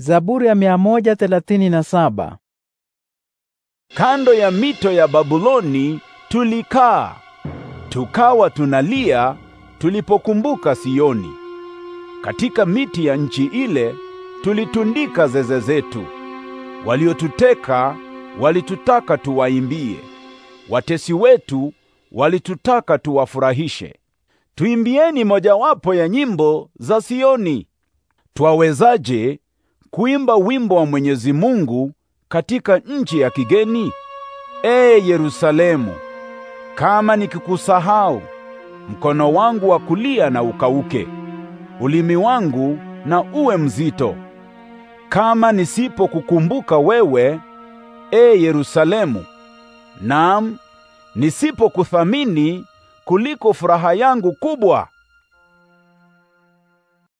Zaburi ya saba. Kando ya mito ya Babuloni tulikaa, tukawa tunalia tulipokumbuka Sioni. Katika miti ya nchi ile tulitundika zeze zetu. Waliotuteka walitutaka tuwaimbie, watesi wetu walitutaka tuwafurahishe. Tuimbieni mojawapo ya nyimbo za Sioni. Twawezaje kuimba wimbo wa Mwenyezi Mungu katika nchi ya kigeni? Ee Yerusalemu, kama nikikusahau, mkono wangu wa kulia na ukauke, ulimi wangu na uwe mzito. Kama nisipokukumbuka wewe, ee Yerusalemu, naam, nisipokuthamini kuliko furaha yangu kubwa,